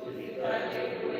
Kusizikate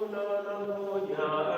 Hallelujah.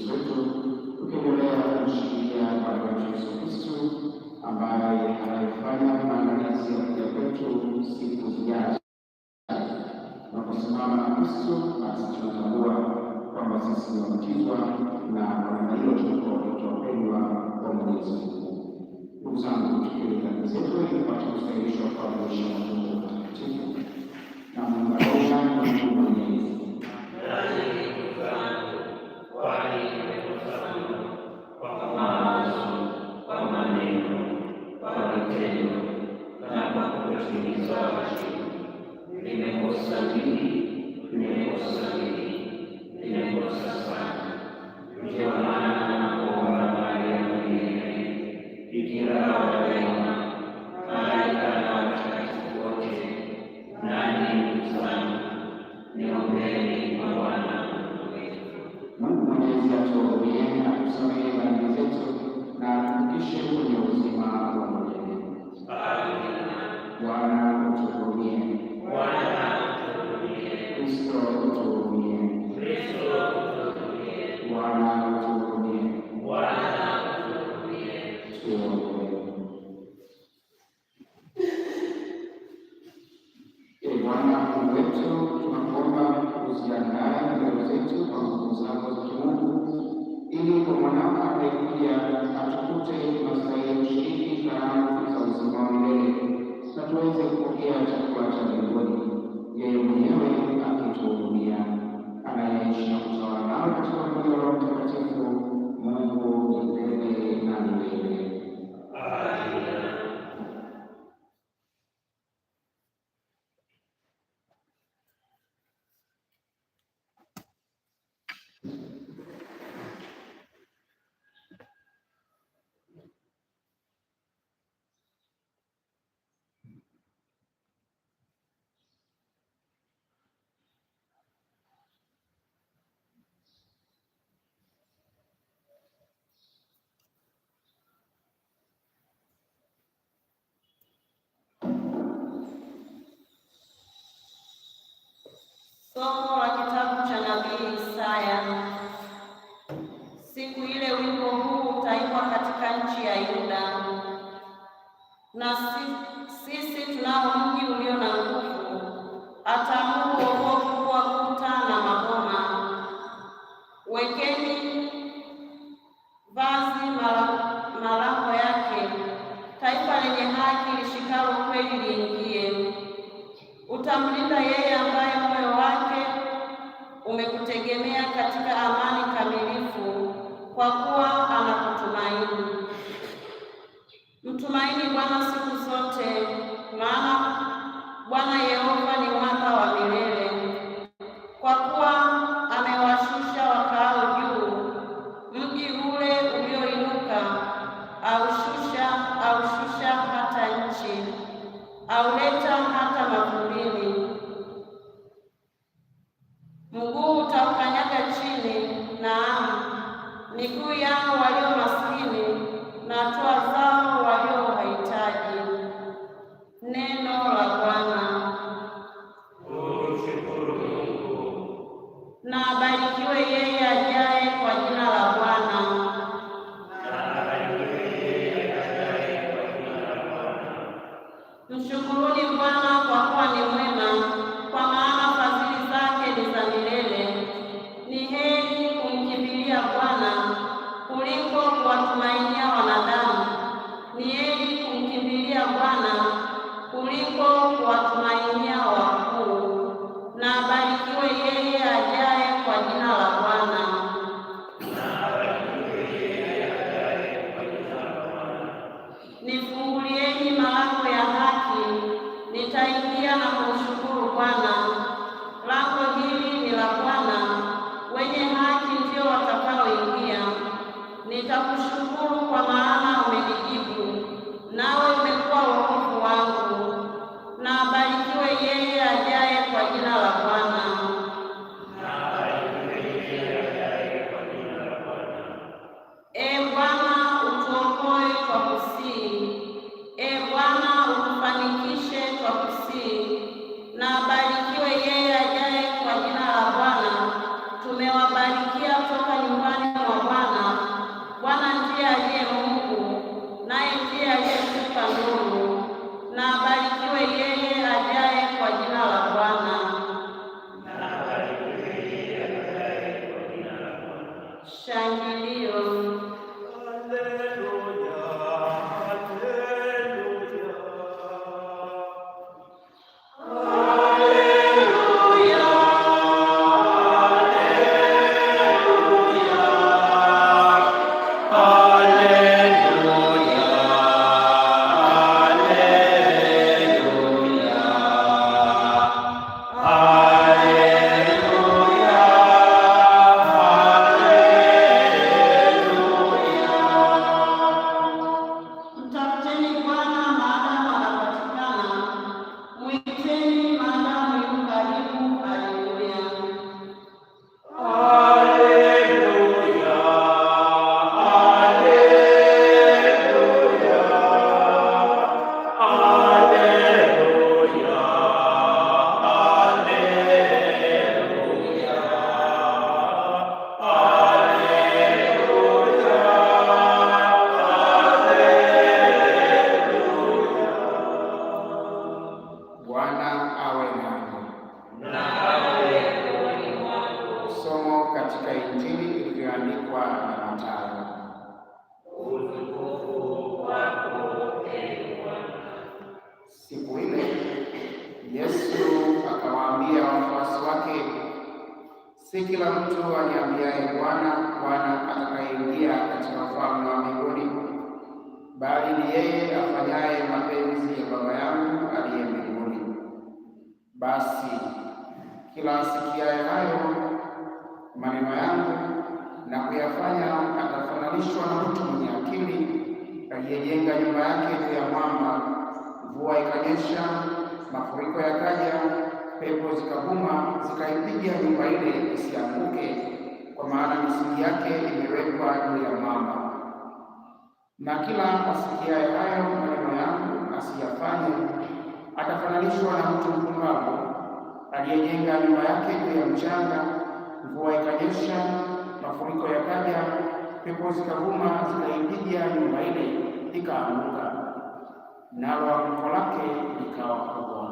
Somo la kitabu cha nabii Isaya. Siku ile wimbo huu utaimbwa katika nchi ya Yuda, na sisi tunao kuleta hata mavumbini. Mguu utaukanyaga chini, naam, miguu yao walio 감사합니다. bali ni yeye afanyaye mapenzi ya Baba yangu aliye mbinguni. Basi kila asikiaye hayo maneno yangu na kuyafanya atafananishwa na mtu mwenye akili aliyejenga nyumba yake juu ya mwamba. Mvua ikanyesha, mafuriko yakaja, pepo zikavuma, zikaipiga nyumba ile isianguke, kwa maana misingi yake imewekwa juu ya mwamba na kila asikiaye hayo maneno yangu asiyafanye, atafananishwa na mtu mpumbavu aliyejenga nyumba yake juu ya mchanga. Mvua ikanyesha, mafuriko yakaja, pepo zikavuma, zikaipiga nyumba ile, ikaanguka, nalo anguko lake likawa kubwa.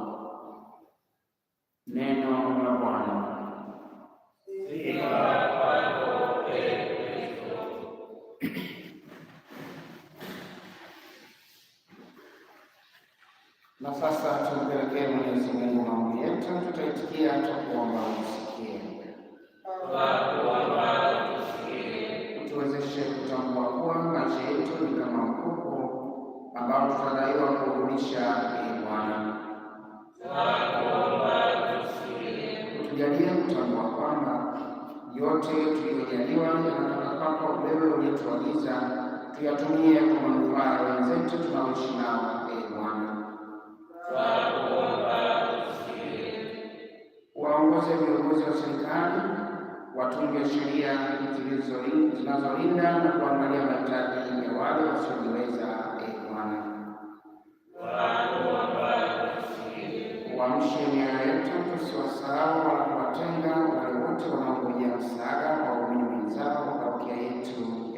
Neno la Bwana. Sasa tumpelekee Mwenyezi Mungu maombi yetu, tutaitikia tukuomba usikie, utuwezeshe kutambua kuwa maisha yetu ni kama mkuku ambao tutadaiwa kuhudumisha. Ee Bwana, utujalie kutambua kwamba yote tuliyojaliwa yanatoka kwako wewe uliyetuagiza tuyatumie kwa manufaa ya wenzetu tunaoishi nao. Ee Bwana viongozi wa serikali watunge sheria zinazolinda na kuangalia mahitaji ya wale wasiojiweza. Eh, Bwana, wamshe mioyo yetu tusiwasahau wala kuwatenga wale wote wanaongojea msaada wa waumini wenzao wa parokia yetu.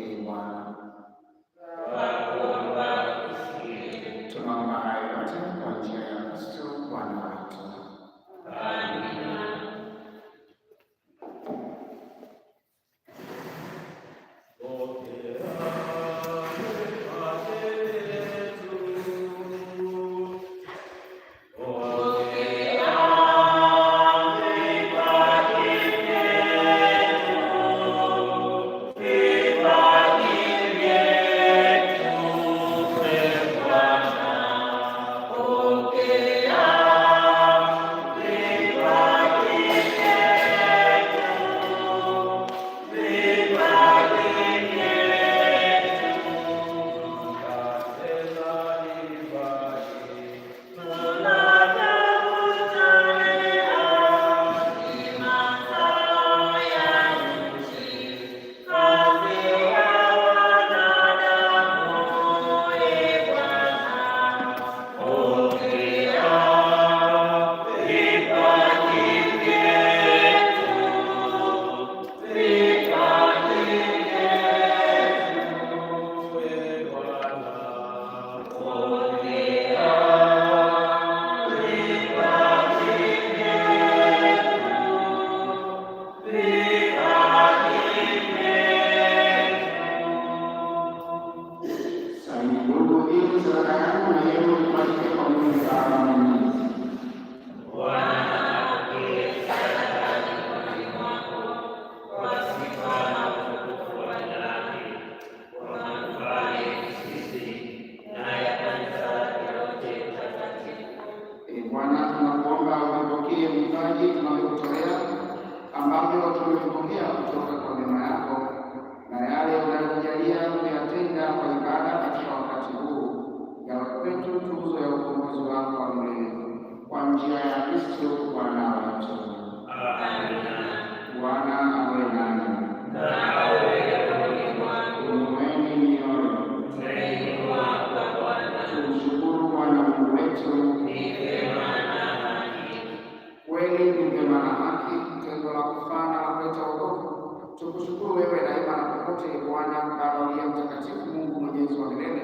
kweli, ni vyema haki, tendo la kufana na kuleta wokovu. Tukushukuru wewe daima na popote, Bwana Baba uliye mtakatifu, Mungu mwenyezi wa milele,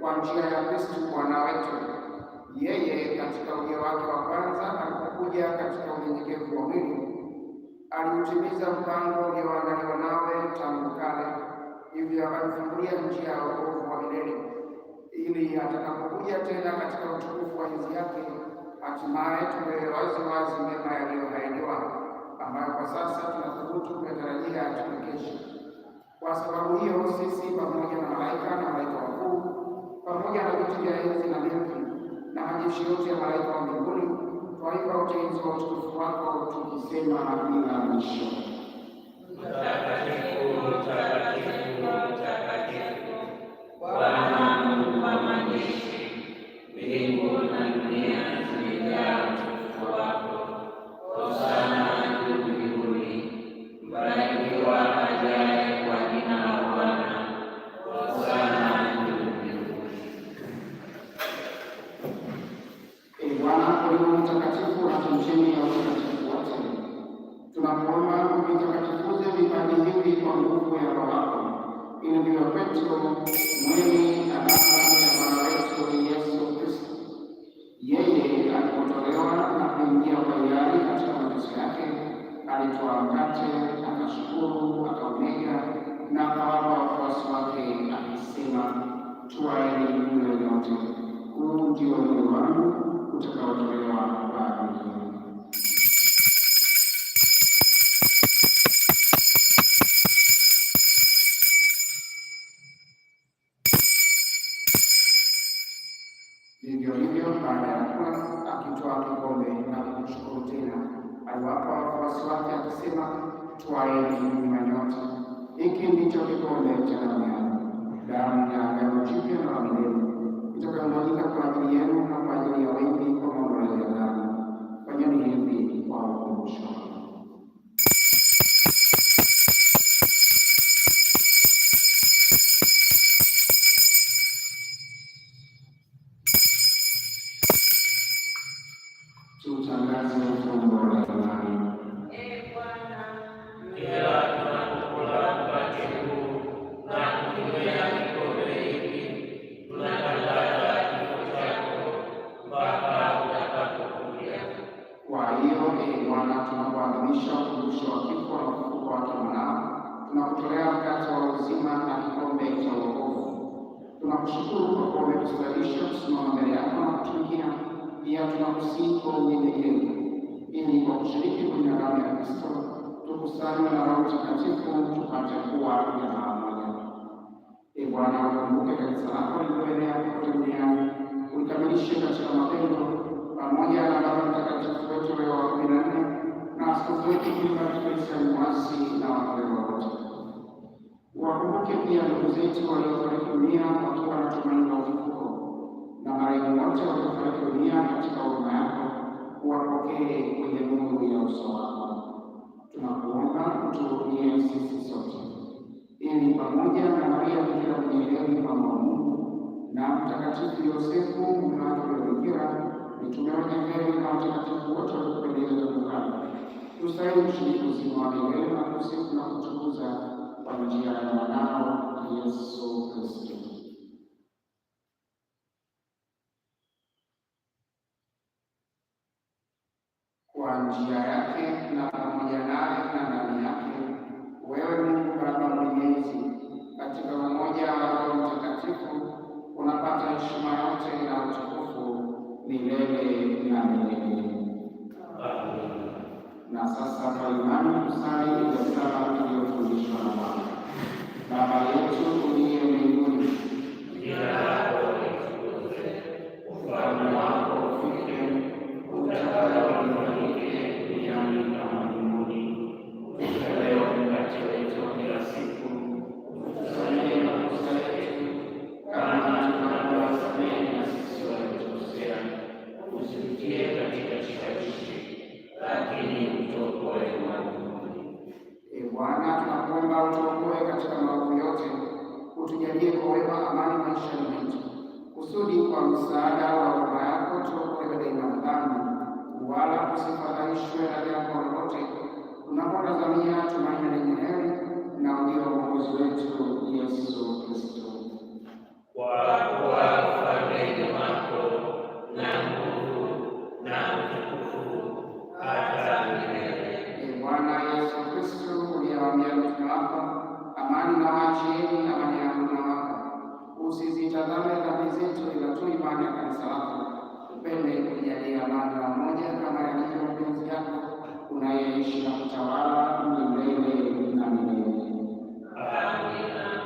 kwa njia ya kristu Bwana wetu, yeye katika ujio wake wa kwanza alipokuja katika unyenyekevu wa mwili aliutimiza mpango ulioandaliwa nawe tangu kale, hivyo akajifungulia njia ya wokovu wa milele ili atakapokuja tena katika utukufu wa enzi yake, hatimaye tuwe wazi wazi mema yaliyoahidiwa, ambayo kwa sasa tunathubutu kuyatarajia tumekesha. Kwa sababu hiyo, sisi pamoja na malaika na malaika wakuu pamoja na viti vya enzi na milki na majeshi yote ya malaika wa mbinguni twaipa utenzi wa utukufu wako tukisema bila mwisho, Mtakatifu, Mtakatifu. mkate, akashukuru, akaumega na akawapa wafuasi wake, akisema, twaeni mle nyote, huu ndio mwili wangu utakaotolewa kwa ajili kutuweke kima kirefu muasi na wakolewa wote. Wakumbuke pia ndugu zetu waliofariki dunia wakiwa na tumaini la ufufuko, na marehemu wote waliofariki dunia katika huruma yako, uwapokee kwenye nuru ya uso wako. Tunakuomba utuhurumie sisi sote, ili pamoja na Maria Bikira mwenye mama wa Mungu na Mtakatifu Yosefu mwana wa Bikira mitume wote heri na watakatifu wote wakupendeza dukani que os velhos livros de nome não no seu final de usa para o diário Manal e as outras que não diarake na na sasa kwa imani kusali ile iliyofundishwa na Baba. Baba yetu uliye kuimarisha mtu kusudi kwa msaada wa huruma yako tuokolewe daima na dhambi, wala tusifadhaishwe na jambo lolote, unapotazamia tumaini lenye heri na ndio Mwokozi wetu Yesu Kristo. Ee Bwana Yesu Kristo uliyewaambia mitume wako, amani na wachieni, amani yangu usizitazame dhambi zetu, ila tu imani ya kanisa lako. Upende kujalia amani na kama yalivyo mapenzi yako, unayeishi na kutawala milele na milele. Amina.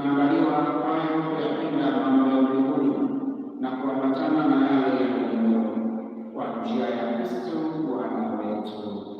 haya mambo ya kwenda mambo ya mbinguni na kuambatana na yale ya dunia kwa njia ya Kristo Bwana wetu.